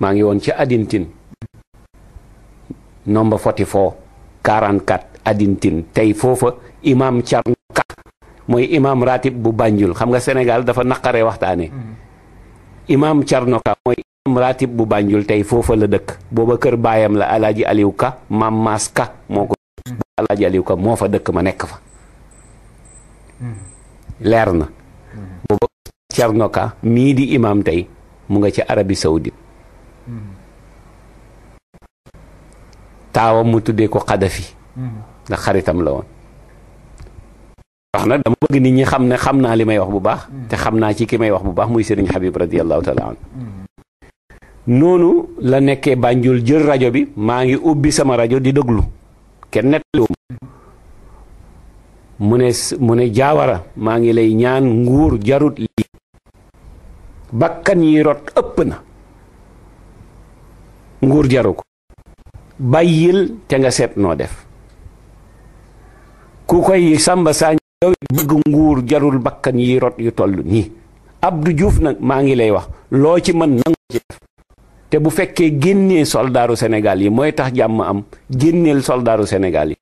maa ngi woon ci Adintine nombre 44 44 Adintine tey foofa imam Thierno mooy imam ratib bu Banjul xam nga Sénégal dafa naqaree waxtaane imam Thierno mooy imam ratib bu Banjul tey foofa la dëkk booba kër baayam la alaaji Aliou Ka maam Maas Ka moo ko alaaji Aliou Ka moo fa dëkk ma nekk fa leer na booba Thierno Ka mii di imam tey mu nga ci Arabie Saoudite taawam mu tuddee ko Xadafi ndax xaritam la woon wax na dama bëgg nit ñi xam ne xam naa li may wax bu baax te xam naa ci ki may wax bu baax muy Serigne Habib radiallahu taala an noonu la nekkee Banjul jël rajo bi maa ngi ubbi sama rajo di déglu kenn nettaliwuma mu ne mu ne jaawara maa ngi lay ñaan nguur jarut lii bakkan yi rot ëpp na nguur jaru ko bàyyil te nga seet noo def ku koy sàmba saañ yow bëgg nguur jarul bakkan yi rot yu toll nii Abdou juuf nag maa ngi lay wax loo ci mën nangu ci def te bu fekkee génnee soldaaru Sénégal yi mooy tax jàmm am génneel soldaaru Sénégal yi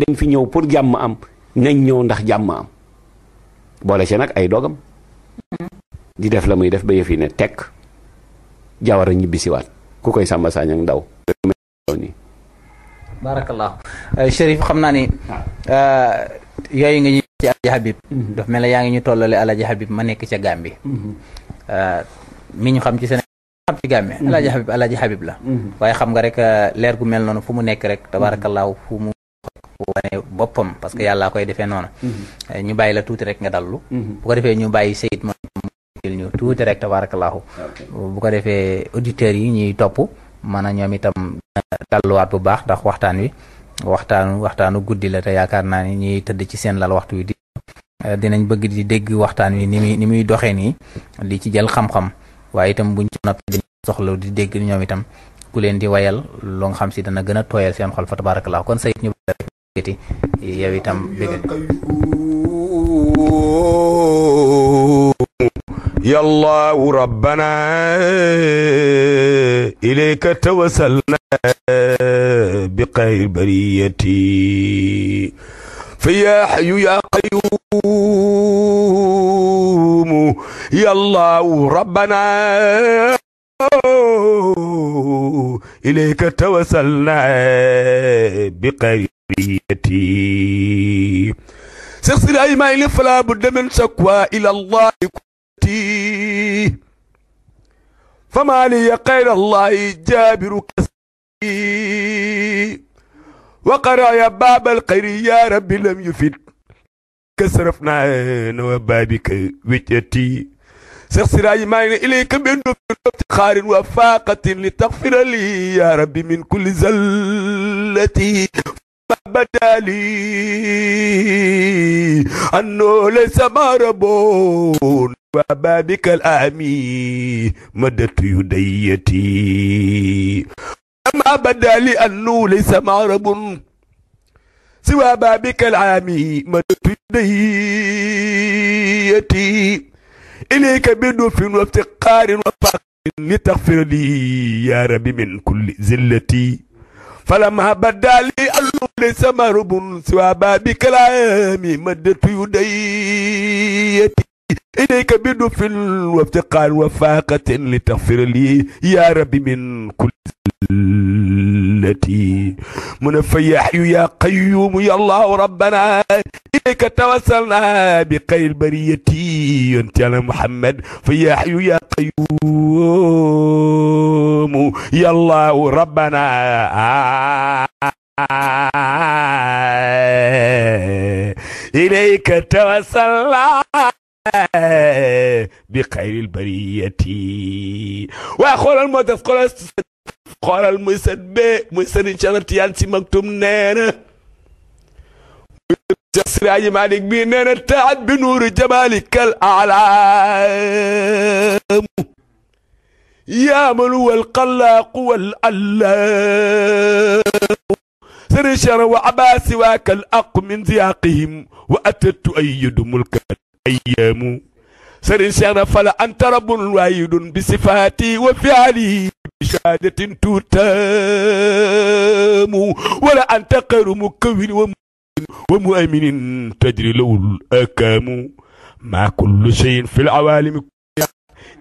dañ fi ñëw pour jàmm am nañ ñëw ndax jàmm am boole ci nag ay dogam mm-hmm. di def la muy def ba yëf yi ne tekk jawar a ñibbisiwaat ku koy sàmba saañak ndaw barakallah eh, Chérif xam naa ni ah. eh, yooyu nga ñu ci alaji Habib mhm. daf mel ne yaa ngi ñu tollale alaji Habib ma nekk ca Gàmbi mhm. eh, mi ñu xam ci Sénégal xam ci Gàmbi mhm. alaji Habib alaji la waaye xam nga rek leer gu mel noonu fu mu nekk rek tabarakallah fu mu wane boppam parce que yàlla yàllaa koy defee noonu ñu bàyyi la tuuti rek nga dallu bu ko defee ñu bàyyi Seyid il ñu tuuti rek tabarakallahu bu ko defee auditeurs yi ñuy topp mën a ñoom itam dalluwaat bu baax ndax waxtaan wi waxtaanu waxtaanu guddi la te yaakaar naa ni ñuy tëdd ci seen lal waxtu wi di eh, dinañ bëgg di dégg waxtaan wi ni muy ni muy doxee nii di ci jël xam-xam waaye itam buñ ci noppee dinañ di dégg ñoom itam ku leen di wayal loo nga xam si dana gën a tooyal seen xol fa tabarakallahu kon sayit ñu bëgg yow itam bëgg yallaahu rabbanaa ilayka tawassalnaa bi xayri bariyati fa yaa hayyu yaa qayyuum yallaahu rabbanaa ilayka tawassalnaa bi xayri bariyati sirsi maa ngi leen falaa budda min shakwaa ilaa llaah حياتي فما لي غير الله جابر كسري وقرا يا باب الخير يا ربي لم يفد كسرفنا وبابك وجهتي شيخ سراج ما اليك من افتخار وفاقة لتغفر لي يا ربي من كل زلتي بدا لي انه ليس ما ربون وبابك الآمي مدت يديتي أما بدا لأنه ليس معرب سوى بابك العامي مدت يديتي إليك بدف وافتقار وفقر لتغفر لي يا ربي من كل زلتي فلما بدا لي أنه ليس معرب سوى بابك العامي مدت يديتي إليك بدف وافتقار وفاقة لتغفر لي يا رب من كل التي من في حي يا قيوم يا الله ربنا إليك توسلنا بخير البرية أنت على محمد فيا حي يا قيوم يا الله ربنا إليك توسلنا بخير البرية وخول المدف خلاص xoolal al muy sët bee muy sëriñ Cheikh Tidiane Sy Maktoum nee na muy Cheikh Siraaji Malik bii nee na taat bi nuuru jamalikal alaamu yaamalu wal xallaaqu wal allaamu sëriñ Cheikh wa abaasi waakal aqu min ziyaqihim wa atatu ayyadu mulkan ayyamu sëriñ Cheikh na fala anta rabbun waayidun bi sifaati wa fi'ali bi shahaadatin tuutaamu wala anta xayru mukawwin wa wa mu'minin tajri lawul akaamu maa kullu shay'in fil awaalimi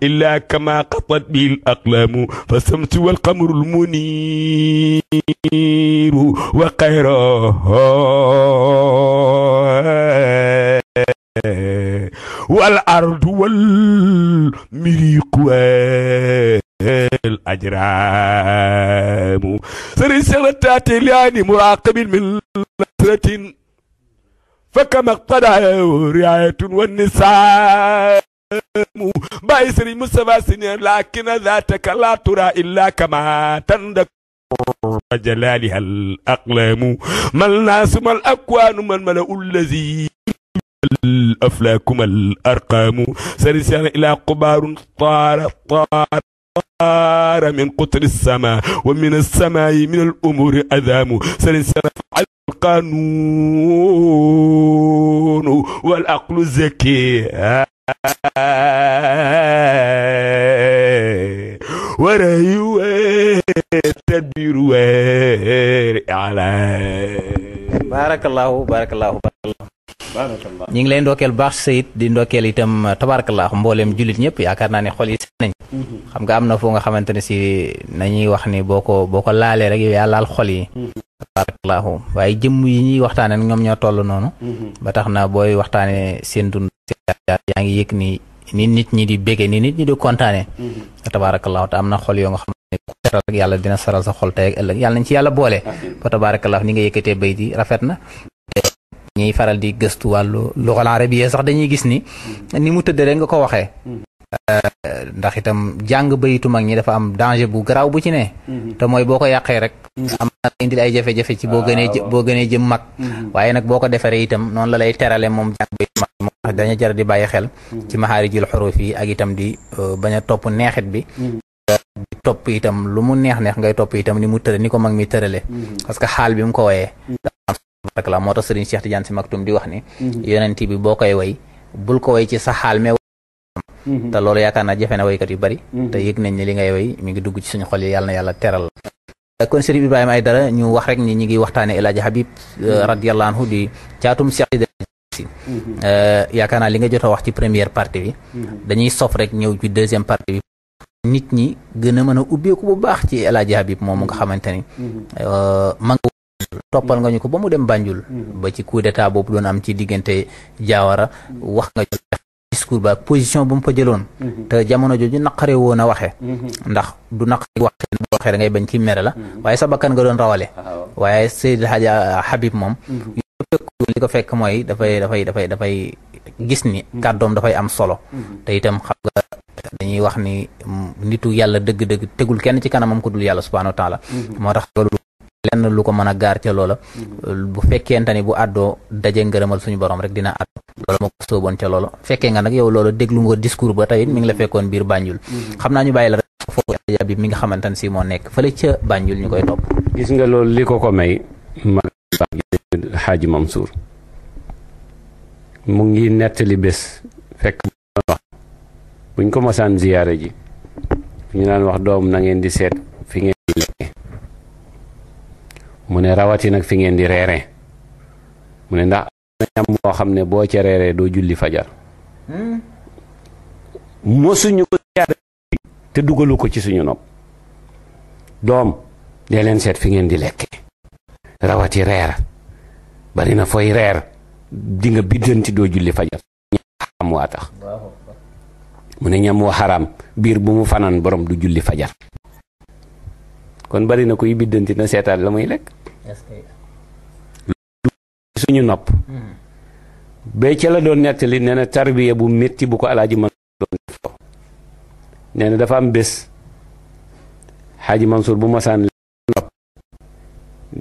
إلا كما قطت به الأقلام فالشمس والقمر المنير وقيرها wal ardu wal miriq wal ajramu sëriñ sera taate liani muraqabin min nasratin fa kama qada riayatun wa nisaamu bàyyi sëriñ Moustapha Sy ne laakina zaataka laa tura illa kama tandak جلالها الأقلام ما الناس ما الأكوان من ملأ الذي أفلاكما الأرقام سرسان إلى قبار طار طار طار من قطر السماء ومن السماء من الأمور أذام سرسان فعل القانون والعقل الزكي ورأي وتدبير على بارك الله بارك الله ñu ngi lay ndokkeel baax sayit di ndokkeel itam tabarakallah mbooleem julit ñëpp yaakaar naa ne xol yi nañ mhm. xam nga am na foo nga xamante ne si nañuy wax ni boo ko boo ko laalee rek yow yaa laal xol yi mhm. tabarakallahu waaye jëmm yi ñuy waxtaane ñoom ñoo toll noonu mhm. ba tax na booy waxtaane seen dund yaa ngi yëg ni ni nit ñi di bége ni nit ñi di kontaane tabarakallahu te am na xol yoo nga xam ne ku yàlla dina saral sa xol tey ak ëllëg yàlla nañ ci yàlla boole ba tabarakallahu bay di rafet na ñuy faral di gëstu wàllu luxal arabiya sax dañuy gis ni ni mu tëdd rek nga ko waxee mm-hmm. ndax itam jàng bayitu mag ñi dafa am danger bu garaaw bu ci nee mm-hmm. te mooy boo ko yàqee rek mm-hmm. am na indil ay jafe-jafe ci boo ah, gënee boo gënee jëm mag waaye nag boo ko defaree itam noonu la lay terale moom jàng bayitu mag moo dañu jar di bàyyi xel ci maxaarijul xuruf yi ak itam di uh, bañ a topp neexit bi di topp itam lu mu neex neex ngay topp itam ni mu tëra ni ko mag mi tërale parce que xaal bi mu ko woyee rek la moo tax sëriñ Cheikh Tidiane si Maktoum di wax ni mhm. yonent bi boo koy way bul ko way ci sa xaal mais mhm. te loolu yaakaar naa jafe na waykat yu bari mhm. te yëg nañ ne li ngay way mi ngi dugg ci suñu xol yi yàlla na yàlla teral kon sëriñ Ibrahima ay dara ñu wax rek ni ñi ngi waxtaane El Hadj Habib euh, radiyallahu anhu di caatum Cheikh euh, yaakaar naa li nga jot a wax ci première partie bi dañuy sof rek ñëw ci deuxième partie bi nit ñi gën a mën a ubbeeku bu baax ci El Hadj Habib moom mu nga xamante ni euh, toppal nga ñu ko ba mu dem Banjul mm-hmm. ba ci coup d'état boobu doon am ci diggante Jawara mm-hmm. wax nga discours ba position bu mu fa jëloon mm-hmm. te jamono jooju naqare woon a waxe ndax du naqare waxe boo waxee bañ ki mere la waaye sa bakkan nga doon rawale ah, waaye Seydi Hadji euh, Habib moom li ko fekk mooy dafay dafay dafay dafay gis ni doom dafay am solo te itam xam nga dañuy wax ni nitu yàlla dëgg-dëgg tegul kenn ci kanamam ko dul yàlla subhanahu wa moo tax lenn lu ko mën a gaar ca loola bu fekkente ni bu àddoo daje ngërëmal suñu borom rek dina àddu loola moo ko sóoboon ca loola fekkee nga nag yow loola déglu nga discours ba tawit mi ngi la fekkoon biir Banjul mhm. xam naa ñu bàyyi la rek mi nga xamante ne si moo nekk fële ca Banjul ñu koy topp gis nga loolu li ko ko may mag Xaaji Mansour mu ngi nettali bés fekk buñ ko mosaan ziyaare ji ñu naan wax doom nangeen di seet fi ngeen di lekkee mu ne rawati nag fi ngeen di reere mu ne ndax ñam moo xam ne boo ca reeree doo julli fajar hmm? mosuñu ko te dugalu ko ci suñu nopp doom dee leen seet fi ngeen di lekke rawati reer bari na fooy reer dinga nga biddanti doo julli fajar ñam waa tax mu ne ñam wa xaraam biir bu mu fanaan borom du julli fajar kon bari na kuy biddanti na seetaan la muy lekk suñu nopp hmm. ba ca la doon nettali nee na tarbiya bu metti bu ko alaaji Mansour dafa am bés xaaji Mansour bu masaan nopp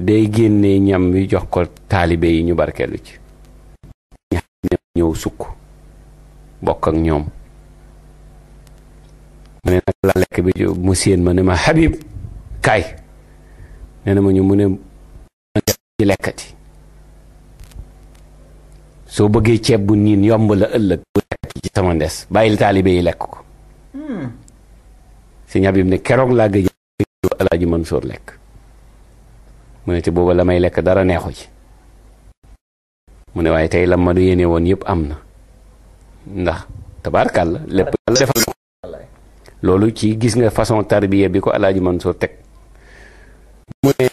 day ñam wi jox ko taalibe yi ñu barkeelu ci ñëw sukk bokk ak ñoom mu ne la lekk bi mu séen ma ne ma Habib kaay nee ma ñu mu ne di lekkati soo bëggee ceeb bu niin yomb la ëllëg bu lekkati ci sama ndes bàyyil taalibe yi lekk ko hmm. si ñabim ne keroog laa gëj alaaji Mansour lekk mu ne te lekk dara neexu ci mu ne waaye tey la ma du yéene woon yëpp am na ndax tabaarkàlla lépp la defal loolu ci gis nga façon tarbiya bi ko alaaji Mansour teg mu ne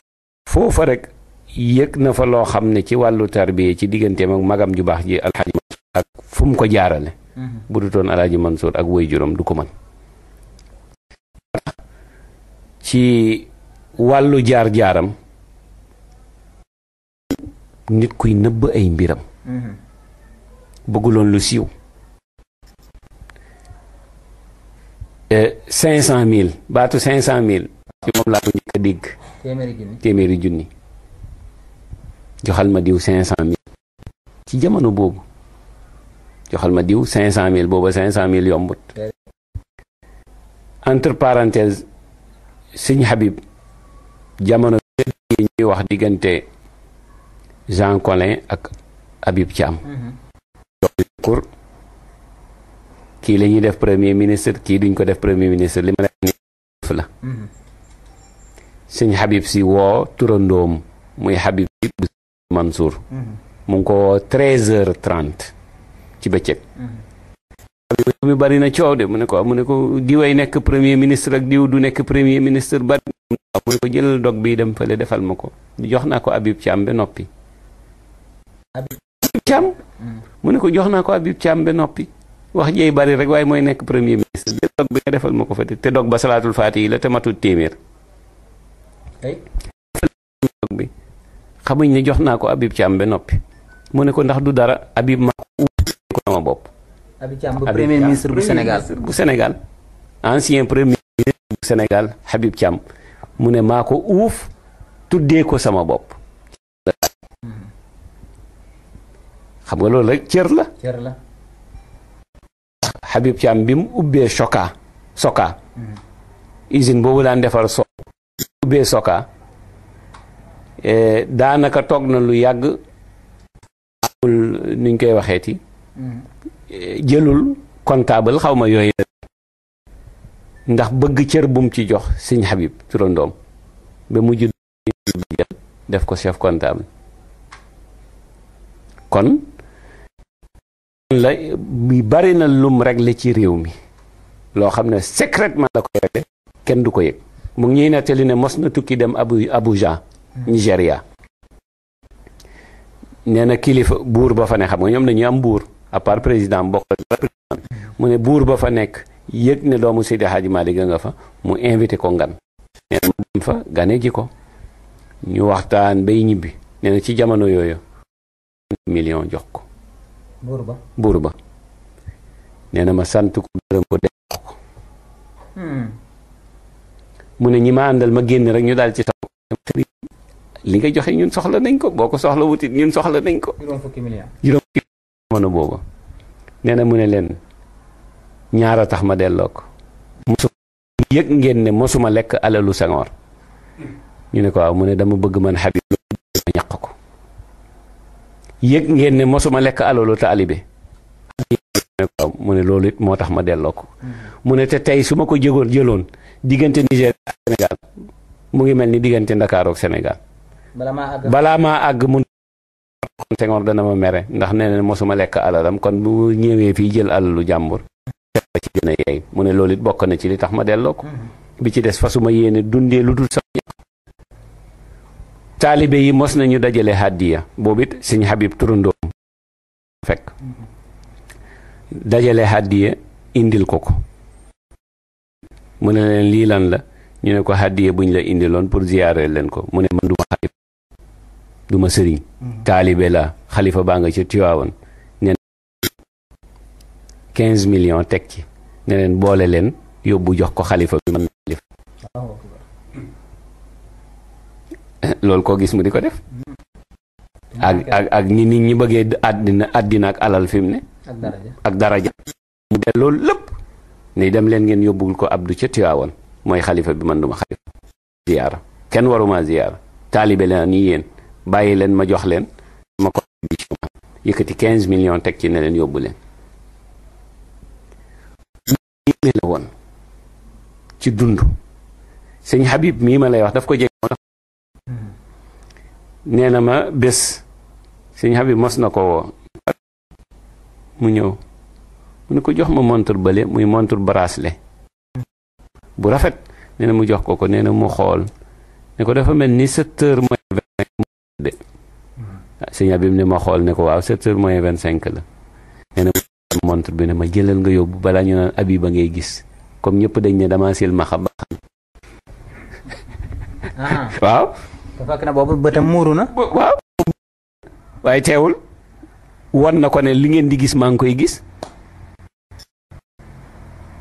foofa rek yëg na fa loo xam ne ci wàllu tarbiya ci digganteem ak magam ju baax ji alxaaji Mansour ak fu mu ko jaarale mhm. bu dutoon alxaaji ak woy juróom du ko mën ci wàllu jaar-jaaram nit kuy nëbb ay mbiram mhm. bëgguloon lu siiw cinq cent mille baatu cinq cent mille ci moom laa ko njëkk a dégg téeméeri junni joxal ma diw cinq cent mille ci jamono boobu joxal ma diw cinq cent mille booba cinq cent mille yombut entre parenthèse sëñ Habib jamono yi ñuy wax diggante Jean Collin ak Habib Thiam pour kii la ñuy def premier ministre kii duñ ko def premier ministre li ma la def mm-hmm. la sëñ Habib si woo turandoom muy Habib bu Mansour mu ngi ko woo treize heures ci bëccëg mi bari na coow de mu ne ko mu ne ko diway nekk premier ministre ak diw du nekk premier ministre bari mu ne ko jëlal dog bi dem fële defal ma ko jox naa ko Habib Thiam ba noppi Habib mm. mu ne ko jox naa ko Habib Thiam ba noppi wax jeey bari rek waaye mooy nekk premier ministre jël dog bi nga defal ma ko fa te dog ba salaatul faati yi la te matut téeméer xamuñ ne jox naa ko Habib Thiam ba noppi mu ne ko ndax du dara Habib ma ko sama bopp. Habib bu Sénégal bu Sénégal. ancien premier ministre bu Sénégal Habib mu ne maa ko uuf tuddee ko sama bopp. xam nga loolu rek cër la. cër la. Habib Thiam bi mu ubbee Soka Soka. Mm-hmm. usine boobu daan defar so ubbee Soka. Eh, daanaka toog na lu yàgg amul nuñ koy waxeeti eh, jëlul comptable xawma ma yooyu ndax bëgg cër bum ci jox sëñ Habib turandoom ba mu mujj def ko chef comptable kon la bi bari na lum li ci réew mi loo xam ne secrètement la ko régler kenn du ko yëg mu ngi ñuy nettali ne mos na tukki dem Abu Abuja Nigéria nee na kilifa buur ba fa ne xam nga ñoom dañuy am buur à part président bokk mu ne buur ba fa nekk yëg ne doomu Seydi Hadji Malick nga fa mu invité ko ngan nee na dem fa gane ji ko ñu waxtaan bay ñibbi nee ci jamono yooyu million jox ko buur ba buur na ma sant ko gërëm ko def ko hmm. mu ne ñi ma àndal ma génn rek ñu daal ci taw li nga joxe ñun soxla nañ ko boo ko soxla wutit ñun soxla nañ ko. juróom fukki milliards juróom fukki milliards boobu nee na mu ne leen ñaara tax ma delloo ko. mosuma yëg ngeen lekk alalu Senghor ñu ne ko waaw mu ne dama bëgg man Habib ma ñàq ko yëg ngeen ne mosuma lekk alalu taalibe mu ne loolu it moo tax ma delloo ko mm-hmm. mu ne te tey su ma ko jëgoon jëloon diggante Niger ak mu ngi mel ni diggante Ndakaaru ak balaa maa àgg mun Senghor dana ma mere ndax nee na mosuma lekk alalam kon bu ñëwee fii jël alalu jàmbur ci gën a yeey mu ne loolu bokk na ci li tax ma delloo ko mm-hmm. bi ci des fasuma yéene dundee lu dul sax taalibe yi mos nañu dajale xàddiya boobit it sëñ Habib turandoom fekk mm-hmm. dajale hàddiya indil ko ko mu ne leen lii la ñu ne ko hàddiya buñ la indiloon pour ziyaare leen ko mu ne man duma xalif du ma sëriñ mm-hmm. taalibe la xalifa baa nga ci Tiwaawan ne quinze millions teg ci ne leen boole leen yóbbu jox ko xalifa bi man eh, loolu koo gis mu di ko def mm-hmm. ak ak ni nit ñi bëggee àddina àddina ak alal fi ne ak daraja mu del loolu ni dem leen ngeen yóbbul ko Abdou ca Tiwaawan mooy xalifa bi mën duma xalifa ziyaara kenn waruma ziyaara taalibe la ni yéen bàyyi leen ma jox leen ma contribution yëkkati 15 millions teg ci ne leen yóbbu leen yéeme la woon ci dund sëñ Habib mii ma lay wax daf ko jege woon na ma bés sëñ Habib mos na ko woo mu ñëw mu ne ko jox ma montre bële muy montre bracelet bu rafet nee mu jox ko ko nee mu xool ne ko dafa mel ni sept de sëñ Abib ne ma xool ne ko waaw sept heures moins vingt cinq la nee na montre bi ne ma jëlal nga yóbbu balaa ñu naan Abib ba ngay gis comme ñëpp dañ ne damaa silmaxa ba xam ah. waaw te fekk na boobu waaye teewul wan na ko ne li ngeen di gis maa ngi koy gis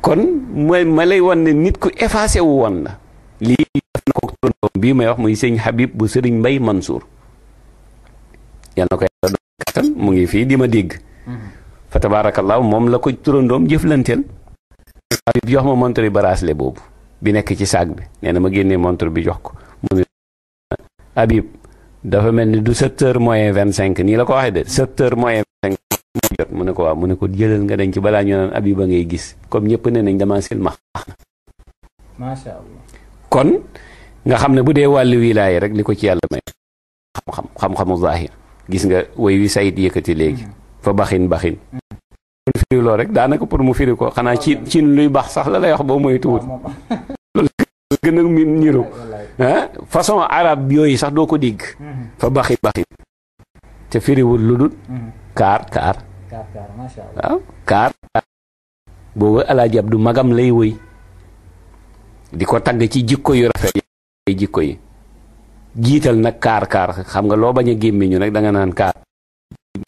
kon mooy ma lay wan ne nit ku effacé wu woon la lii def na ko turandoom bii may wax muy sëñ Habib bu sëriñ Mbay Mansour yal na ko yàlla doon mu ngi fii di ma dégg fa tabaarakallaahu moom la ko turandoom jëflanteel waaye jox ma montre bi nekk ci saag bi nee na ma génnee montre bi jox ko mu Habib dafa mel ni du sept heures moins vingt cinq nii la ko waxee de sept heures moins vingt cinq mu jot ne ko waaw mu ne ko jëlal nga ci balaa ñu naan Habib a ngay gis comme ñëpp ne nañ dama silmax macha kon nga xam ne bu dee wàllu wilaay rek li ko ci yàlla may xam-xam xam-xamu zaahir gis nga way wi sayit yëkkati léegi fa baxin baxin kon firi loo rek pour mu firi ko xanaa ci luy bax sax la lay wax boo moytuwut loolu gën a niru ah façon arab yooyu sax doo ko dégg fa baxin baxin te firiwul lu dul kaar kaar waaw kaar kaar boobu alaaji Abdu magam lay woy di ko tagg ci jikko yu rafet yi jikko yi jiital nag kaar kaar xam nga loo bañ a gémmiñu nag da nga naan kaar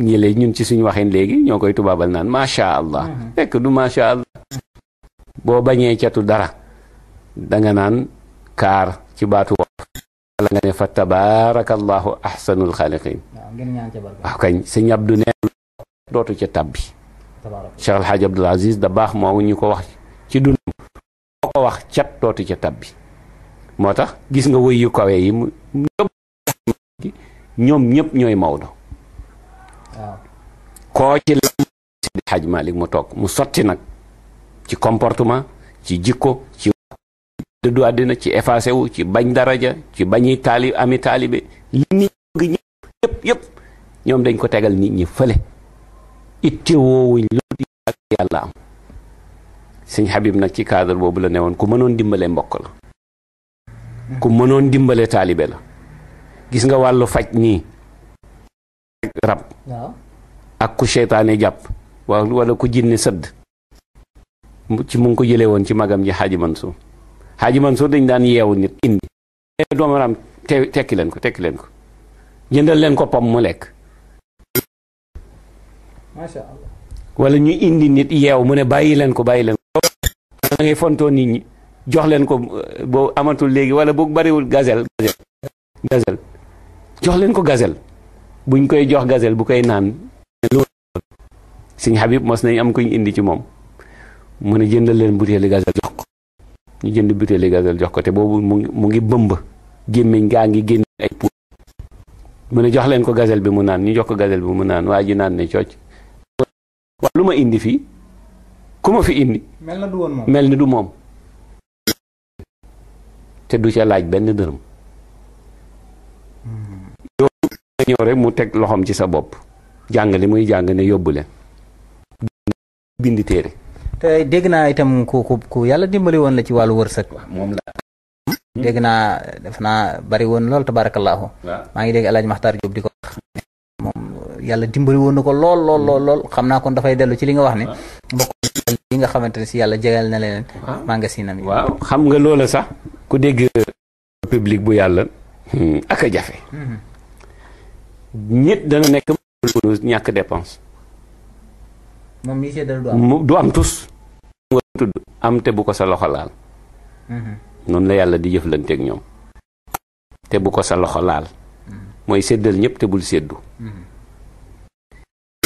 ñi léegi ñun ci suñu waxin léegi ñoo koy tubaabal naan macha allah mm-hmm. fekk du macha allah boo bañee catu dara danga naan kaar ci baatu la nga ne fa tabaarakallahu ahsanul xaaliqiin waaw kañ sëñ Abdu neen dootu ca tabbi Cheikh Alhaaj Abdul Aziz da baax moo ñu ko wax ci dund boo ko wax cat tootu ca tabbi moo tax gis nga woy kawe yi mu ñoom ñëpp ñooy Maodo. waaw koo ci la Seydi Hadj Malick mu toog mu sotti nag ci comportement ci jikko ci dëddu àddina ci effacé wu ci bañ daraja ci bañi taali ami taalibe li yëpp yëpp ñoom dañ ko tegal nit ñi fële itte woowuñ loolu yàlla am sëñ Habib nag ci cadre boobu la newoon ku mënoon dimbale mbokk la ku mënoon dimbale taalibe la gis nga wàllu faj nii rab ak ku seytaane jàpp waaw ku jinne sëdd ci mu ko jële woon ci magam ji xaaji Mansour xaaji Mansour dañ daan yeew nit indi eh, doomaraam te tekki leen ko tekki leen ko jëndal leen ko pom mu lekk wala ñu indi nit yeew mu ne bàyyi leen ko bàyyi leen ko da ngay fontoo ñi jox leen ko euh, boo amatul léegi wala bu bariwul gazelle gazelle jox leen ko gazelle buñ koy jox gazelle bu koy naan loolu sëñ Habib mos nañ am ko ñu indi ci moom mu ne jëndal leen butéeli gazelle jox ko ñu jënd jox ko te boobu mu ngi mu ngi bëmb gémmiñ gaa ngi génn ay puud mu ne jox leen ko gazelle bi mu naan ñu jox ko gazelle bi mu naan waa ji naan ne cooc waa lu ma indi fii ku ma fi indi mel na mel ni du moom te du ca laaj benn dërëm mu teg loxoom ci sa bopp jàng li muy jàng ne yóbbu bind téere te dégg naa itam ku ku ku yàlla dimbali woon la ci wàllu wërsëg moom la hmm? dégg naa def naa bari woon lool tabaarakallaahu maa ngi dégg alaaj maxtaar jóob di ko wax moom yàlla dimbali woon na ko lool lool lool xam naa kon dafay dellu ci li nga wax ne yi nga xamante ne si yàlla jegal na leen magasinam yi waaw xam nga loola sax ku dégg public bu yàlla hmm, ak a jafe mhm. nit dana nekk ñàkk moom du am tus nga tudd am te bu ko sa loxo laal mhm. noonu la yàlla di jëflanteeg ñoom te bu ko sa loxo laal mhm. mooy séddal ñëpp te bul séddu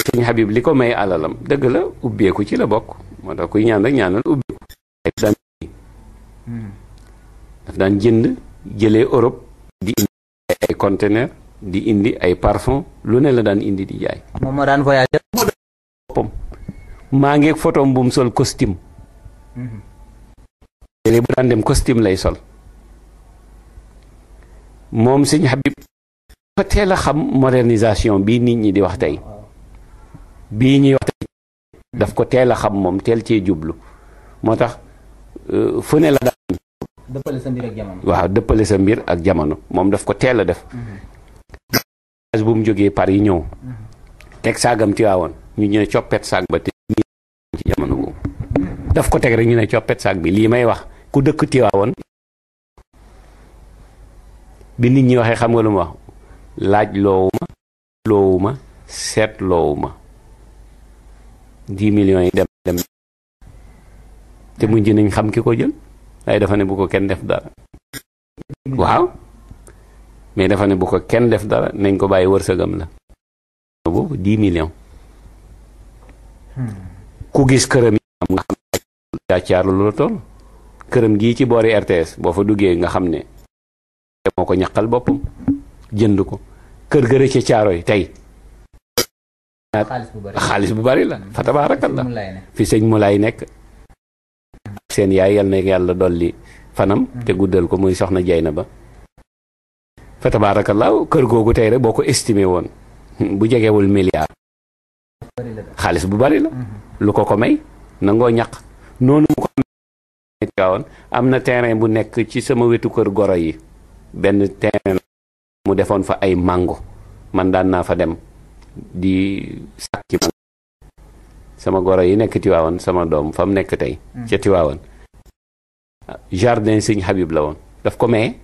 sëñ Habib li ko may alalam dëgg la ubbeeku ci la bokk moo koy kuy ñaan ubbi ko hmm. daan jënd jëlee Europe di indi ay conteneur di indi ay parfum lu ne la daan indi di jaay moom moo daan voyager boppam hmm. lay sol moom sëñ Habib dafa teel a xam modernisation bii nit ñi di wax tey bii wax daf ko teel a xam moom teel cee jublu moo tax euh, fu ne la daan sa mbir waaw dëppale sa mbir ak jamono moom daf ko teel a def mm-hmm. bu mu jógee Paris ñëw mm-hmm. teg saagam tiwaawoon ñu ne coppet saag ba jamono daf ko teg rek ñu ne coppet saag bi lii may wax ku dëkk tiwaawoon bi nit ñi waxee xam nga lu ma laaj loowu ma ma seet loowu ma dix million yi dem dem te mujj nañ xam ki ko jël waaye dafa ne bu ko kenn def dara waaw mais dafa ne bu ko kenn def dara nañ ko bàyyi wërsëgam la boobu dix hmm. ku gis këram am nga xam ne gàccaaru lu la toll këram gii ci boori RTS boo fa duggee nga xam ne moo ko ñaqal boppam jënd ko kër gërë ca caaro yi tey xaalis bu bari la fa tabaarakallah fi sëñ Moulay nekk seen yaay yal na yàlla fanam hmm. te guddal ko muy soxna Jaynaba fa tabaarakallah kër googu tey rek boo ko estimé woon hmm, jegewul milliard xaalis bu bari hmm. lu ko ko may nangoo ñaq noonu mu ko am na terrain bu nekk ci sama wetu kër goro yi benn terrain mu defoon fa ay mango man daan naa fa dem di sàkki man sama goro yi nekk Tiwaawan sama doom fa nekk tey hmm. ca Tiwaawan jardin sëñ Habib la woon daf ko maye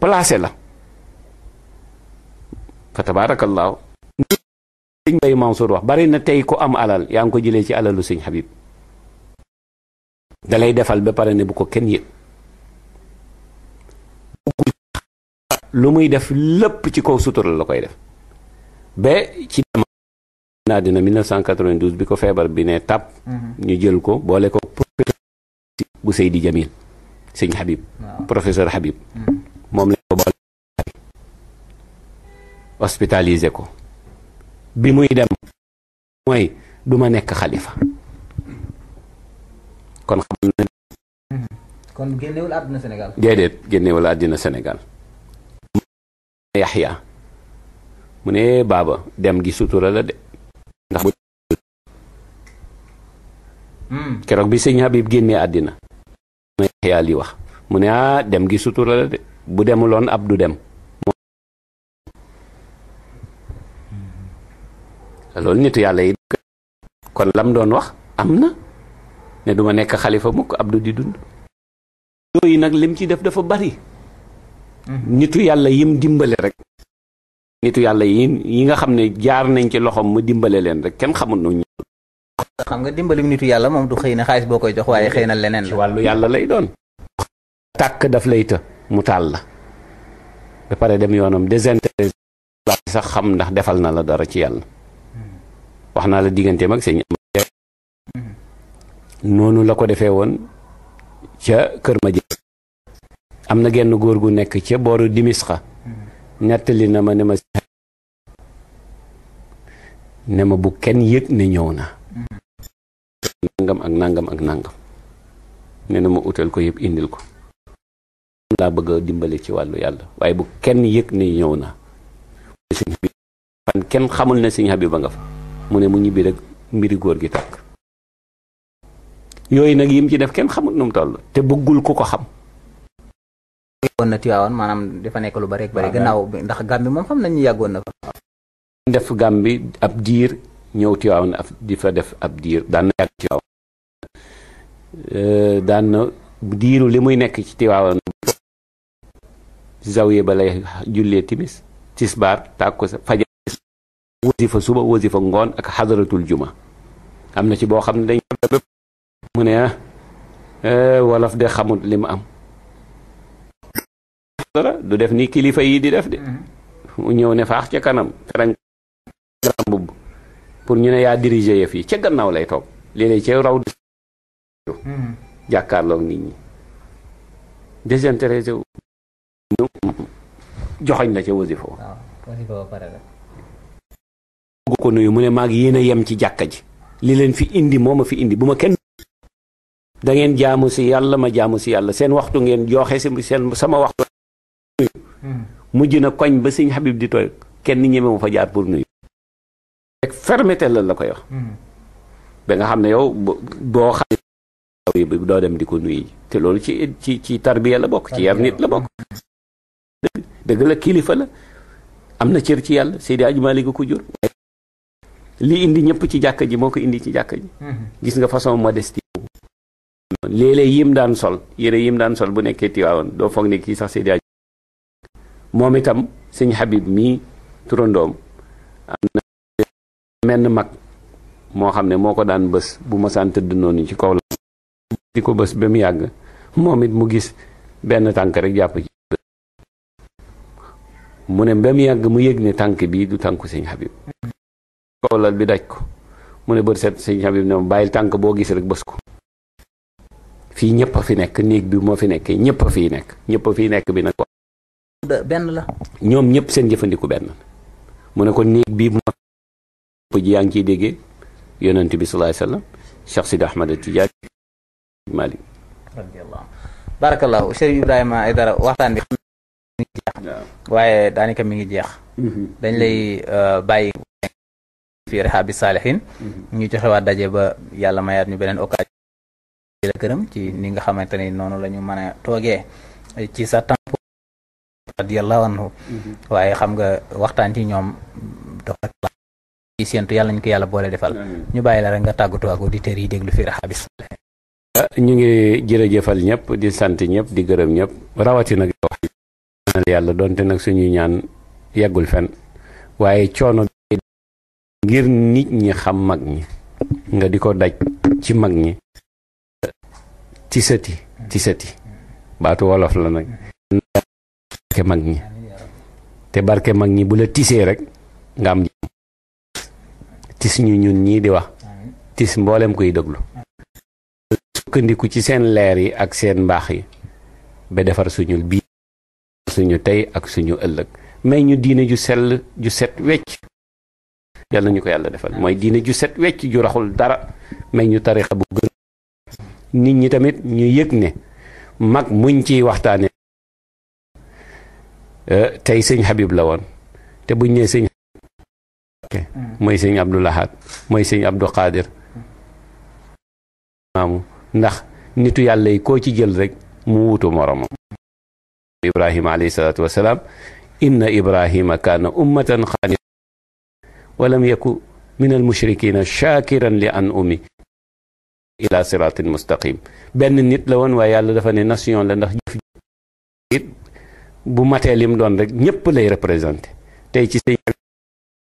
placé la fa tabaarakallaahu sëñ Bay Mansour wax bari na tey ko am alal yaa ngi ko jëlee ci alalu sëñ Habib dalay defal ba pare ne bu ko kenn yëg lu muy def lépp ci kaw sutura la koy def ba ci naa bi ko feebar bi ne tàpp mhm. ñu jël ko boole ko professeur bu Seydi Jamil sëñ Habib professeur Habib mhm. moom lañ ko ko bi muy dem mooy du ma nekk xalifa kon xam na mhm. kon génnewul àddina Sénégal déedéet génnewul àddina senegal yaxya mu ne baaba dem gi sutura la de ndax bu hmm. keroog bi sëñ Habib génnee àddina na li wax mu ne ah dem gi sutura la de bu demuloon ab du dem hmm. loolu nitu yàlla yi kon lam doon wax am na ne duma nekk xalifa mukk ab di dund lim ci def dafa bari nitu yàlla yim dimbale rek nitu yàlla yi yi nga xam ne jaar nañ ci loxoom mu dimbale leen rek kenn xamul nu xam nga dimbalim nitu yàlla moom du xëy na xaalis boo koy jox waaye xëy na leneen wàllu yàlla lay doon tàkk daf lay të mu taal la ba dem yoonam désintérêt sax xam ndax defal na la dara ci yàlla wax naa la digganteem ak sëñ mm-hmm. noonu la ko defee woon ca kër ma jël am na genn góor gu nekk ca booru dimisxa nettali na ma ne ma ne bu kenn yëg ne ñëw na nangam ak nangam ak nangam nee na ma utal ko yëpp indil ko laa bëgg dimbali ci wàllu yàlla waaye bu kenn yëg ne ñëw na fan kenn xamul ne bi ba nga fa mu ne mu ñibbi rek mbiri góor gi tàkk yooyu nag yim ci def kenn xamul nu mu toll te bëggul ku ko xam woon na Tiwaawan maanaam dafa nekk lu bari ak bari gannaaw bi ndax Gàmbi xam nañu yàggoon na fa def Gàmbi ab diir ñëw Tiwaawan af di fa ab diir daan na yàgg euh, diiru li muy nekk ci Tiwaawan zawiya ba lay jullee timis tisbaar tàkku sa fajar wasifa suba wasifa ngoon ak xadaratul juma am na ci boo xam ne dañ mu ne euh, wolof de xamut li mu am dara du def ni kilifa yi di def de mhm. mu ñëw ne faax ca kanam ferañ grand mbubb pour ñu ne yaa diriger yëf yi ca gannaaw lay toog léeg-léeg ca raw di mhm. jàkkaarloog nit ñi désintéressé wu joxoñ la ca wasifa bugg ko nuyu mu ne maag yéen yem ci jàkka ji li leen fi indi moo ma fi indi bu ma kenn da ngeen jaamu si yàlla ma jaamu si yàlla seen waxtu ngeen joxe si seen sama waxtu mujj na koñ ba sëñ Habib di tooy kenn ñemewu fa jaar pour nuyu. rek fermeté la la koy hmm. nga xam ne yow boo xam ne doo dem di ko nuyu te loolu ci ci ci tarbiya la bokk ci yar nit la bokk. dëgg la kilifa la am na cër ci yàlla Seydi Hadji Malick ko jur. li indi ñëpp ci jàkka ji moo ko indi ci jàkka ji. Hmm. gis nga façon modestie. léeg yim daan sol yére yim daan sol bu nekkee Tiwaawan doo foog ne kii sax Seydi moom itam sëñ Habib mii turandoom am menn mag moo xam ne moo ko daan bës bu masaan tëdd noonu ci kaw di ko bës ba mu yàgg moom it mu gis benn tànk rek jàpp ci mu ne ba mu yàgg mu yëg ne tànk bii du tànku sëñ Habib kaw lal bi daj ko mu ne bët set sëñ Habib ne bàyyil tànk boo gis rek bës ko fii ñëpp a fi nekk néeg bi moo fi nekkee ñëpp a fiy nekk ñëpp a fiy nekk bi nag benn la. ñoom ñëpp seen jëfandiku benn mu ne ko néeg bii moo ëpp ji yaa ngi ciy déggee yonent bi sallallahu alayhi wasallam Cheikh Sidi Ahmad Tidiane Malik radiyallahu barakallahu Cheikh Ibrahima Aidara waxtaan bi waaye daanaka mi ngi jeex mhm. dañ lay euh, bàyyi fi rihaabi saalihin mhm. ñu joxewaat daje ba yàlla mayaat ñu beneen occasion la gërëm ci ni nga xamante ni noonu la ñu toogee ci sa temps radiyallahu anhu mhm. waaye xam nga waxtaan ci ñoom dafa la ci séentu yàlla ñu ko yàlla boole defal ñu bàyyi la rek nga tàggatu ak auditeurs yi déglu fi raxabis ah, ñu ngi jërëjëfal ñëpp di sant ñëpp di gërëm ñëpp rawati nag ñaanal yàlla doonte nag suñuy ñaan yeggul fen waaye coono bi ngir nit ñi xam mag ñi nga di ko daj ci mag ñi tisati tisati baatu wolof la nag barke mag ñi te barke mag ñi bu la tisee rek nga am tis ñu ñun ñii di wax tis mboolem koy déglu sukkandiku ci seen leer yi ak seen mbaax yi ba defar suñul biir suñu tey ak suñu ëllëg may ñu diine ju sel ju set wecc yal na ñu ko yàlla defal mooy diine ju set wecc ju raxul dara may ñu tarixa bu gën nit ñi tamit ñu yëg ne mag muñ ciy waxtaane tey sëñ Habib la woon te buñ nee sëñ mm. mooy sëñ Abdou Lahad mooy sëñ Abdou Khadir mm. maamu ndax nitu yàlla yi koo ci jël rek mu wuutu moromam ibrahima alayhi salaatu wasalaam inna ibrahima kaana ummatan xaanita walam yaku min al mushrikina shaakiran li an umi ila siraatin mustaqim benn nit la woon waaye yàlla dafa ne nation la ndax jëf it bu matee lim doon rek ñëpp lay représenté tey ci sëñ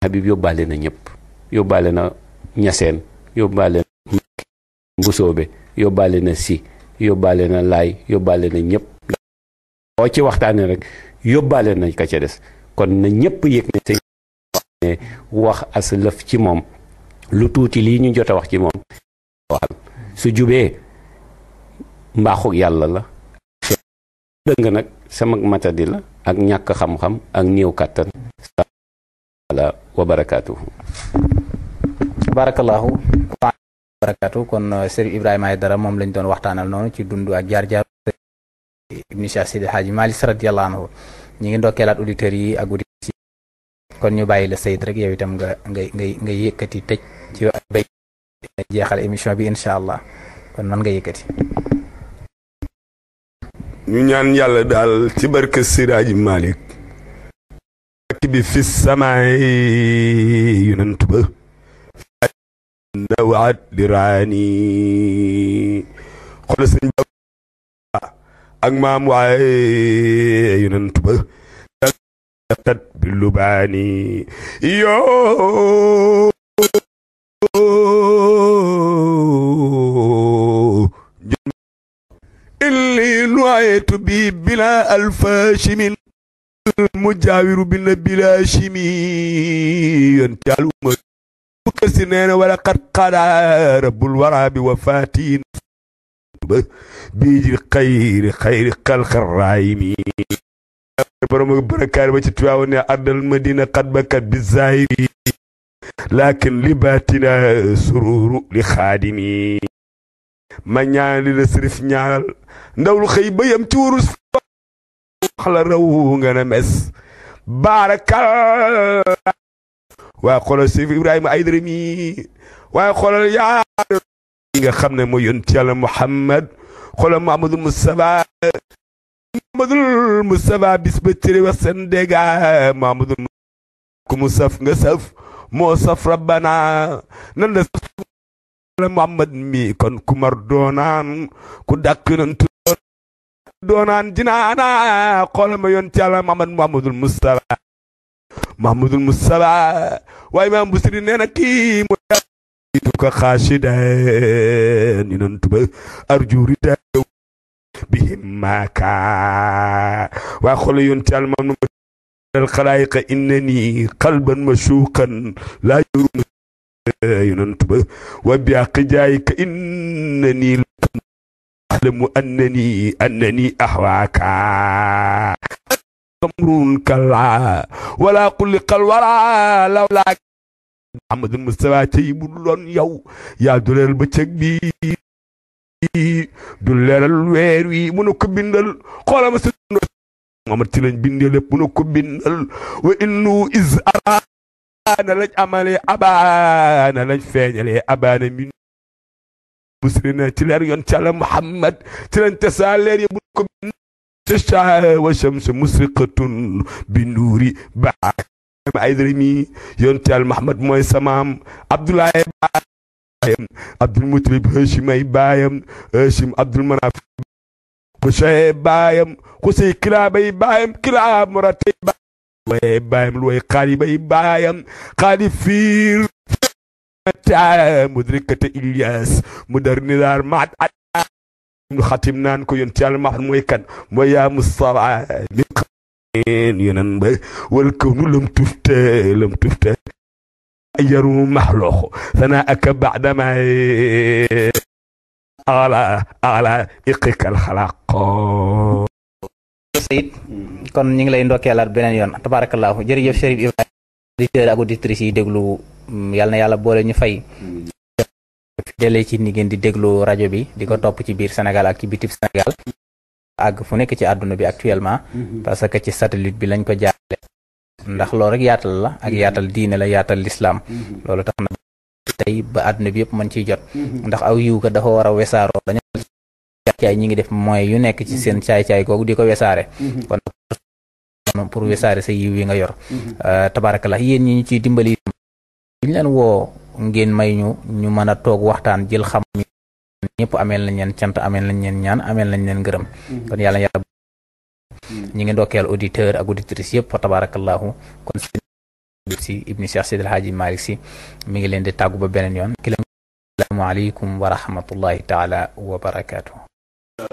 Habib yóbbaale na ñëpp yóbbaale na ñaseen yóbbaale na mbusoobe yóbbaale na si yóbbaale na laay yóbbaale na ñëpp oo ci waxtaane rek yóbbaale na ka ca des kon na ñëpp yëg ne sëñ ne wax as lëf ci moom lu tuuti lii ñu jot wax ci moom su jubee mbaaxu yàlla la dëgg nag sama matadi la ak ñàkk xam-xam ak néew kàttan sala wa barakaatuhu barakallahu wa barakaatu kon euh, Serigne Ibrahima dara moom lañ doon waxtaanal noonu ci dund ak jaar-jaar Ibn Cheikh Sidi Hadji Malick radiyallahu ngi ndokkeelaat auditeurs yi ak auditrices yi kon ñu bàyyi la Seyd rek yow itam nga nga yëkkati tëj ci bay jeexal émission bi incha allah kon man nga yëkkati ñu ñaan yàlla daal ci barke Siraaji Malik ak bi fi samaay yonent ba ndawaat di raani xool sëñ ba ak maam waaye yonent ba tat bi lubaani yoo دعيت به بلا الفاشم المجاور بنا بلا شمي ينتهى الأمر كسنين ولقد قضى رب الورى بوفاتي بيجي خير خير خلق الرايمين borom barakaar ba ci tuwaaw ne addal madina xat bakat bi zahiri lakin li baatina sururu li xaadimi ma ñaan li la sërif ñaanal ndaw lu xëy ba yam ci warul wax la raw nga na xoolal sërif Ibrahima Aydara mi waaye xoolal yaa nga xam ne mooy yonent yàlla Muhammad xoolal Muhammadul Mustafa Muhammadul Mustafa bis ba tëri wax seen dégga Muhammadul ku mu saf nga saf moo saf rabbana nan la saf la Muhammad mi kon ku mar doonaan ku dàkk nantu doonaan jinaana xoolama yoon ci Yàlla Muhammad Muhammadul Mustafa Muhammadul Mustafa Imaam Busiri nee na kii mu tu ka xaashidan inantu ba arjurida bi himmaka waa xool yoon ci Yàlla Muhammad al xalaayiqa innani qalban mashuqan laa yonent ba wa bi àq jaay ka inna nii alamu annani annani ahwaaka samrun kala wala kulli qal wara law laa Muhammadul Mustafa tey bu doon yow yaa duleel bëccëg bi du leeral weer wi mën a ko bindal xoolal ma si Muhammad ci lañ bindee lépp mën a ko bindal wa innu is ara abaana lañ amalee abaana lañ feeñalee abaana min musrina ci leer yoon cala muhammad ci lañ tasaa leer yëbul ko bi tasha wa shamsu musriqatun bi nuuri ba ay dërëmi yoon cal muhammad mooy samaam abdoulaye baayam abdul mutalib hashim ay baayam hashim abdul manaf xusay baayam xusay kilaabay baayam kilaab moratay baayam waye baayam lu way xaali bay baayam xaali fiir ta mudrikata ilyas mudarnidar maat ibnu xatim naan ko yon ci yàlla maat mooy kan mooy yaa mustafa min xamin yonan ba wal kawnu lam tufte lam tufte yaru maxlooxu sana aka baadama ala ala iqikal xalaq sayid kon ñu ngi lay ndokkeelaat beneen yoon tabaarakallaahu jërëjëf Chérif Ibrahima auditeurs ak auditrices yi déglu mm, yal na yàlla boole ñu fay fidèle ci ni ngeen di déglu rajo bi di ko topp ci biir Sénégal ak ci bitib Sénégal àgg fu nekk ci àdduna bi actuellement mm-hmm. parce que ci satellite bi lañ ko jaarale ndax loolu rek yaatal la ak mm-hmm. yaatal diine la yaatal lislaam mm-hmm. loolu tax na tey ba àdduna bi yëpp mën ciy jot ndax aw yiw ka dafa war a wesaaroo caay ñi ngi def moyens yu nekk ci seen caay-caay googu di ko wesaare mhm. kon nag pour saare sa yiw yi nga yor mhm. euh, tabarakallah yéen ñi ñu ciy dimbali duñ leen woo ngeen may ñu ñu mën a toog waxtaan jël xam ñëpp ameel nañ leen cant ameel nañ leen ñaan ameel nañ leen ngërëm mhm. kon yàlla yàlla ñi ngi ndokkeel auditeur ak auditrice yëpp fa tabarakallahu kon si ibni cheikh seydi alhaaji malik si mi ngi leen di tàggu ba beneen yoon assalaamu aleykum wa rahmatullahi taala wa barakaatu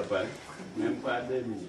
back, même pas deux